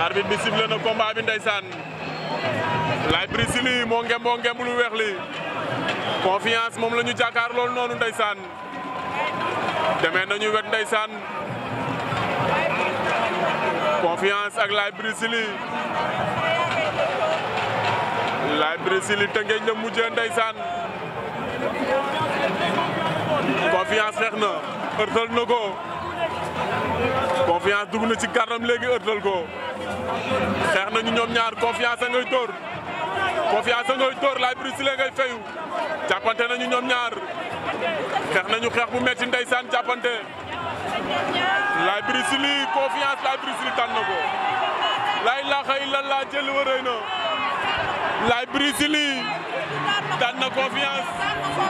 arbitre bi sifflé na combat bi ndeysaan Laye Brise Ly moo ngem mo ngem lu wex li confiance mom lañu jakar lol nonu noonu demé nañu wet ndeysaan confiance ak Laye Brise Ly Laye Brise Ly tëngeej la mujjee ndeysaan confiance xeex na ërtal na confiance dug na ci gàttam léegi ëttal ko xeex nañu ñoom ñaar confiance ngay dóor confiance a ngay dóor laay brise si la ngay fayu jàppante nañu ñoom ñaar xeex nañu xeex bu metti ndeysaan jàppante laay brise li confiance laay brise li na ko laay laaxa illa laa jël warëy na laay brise li na confiance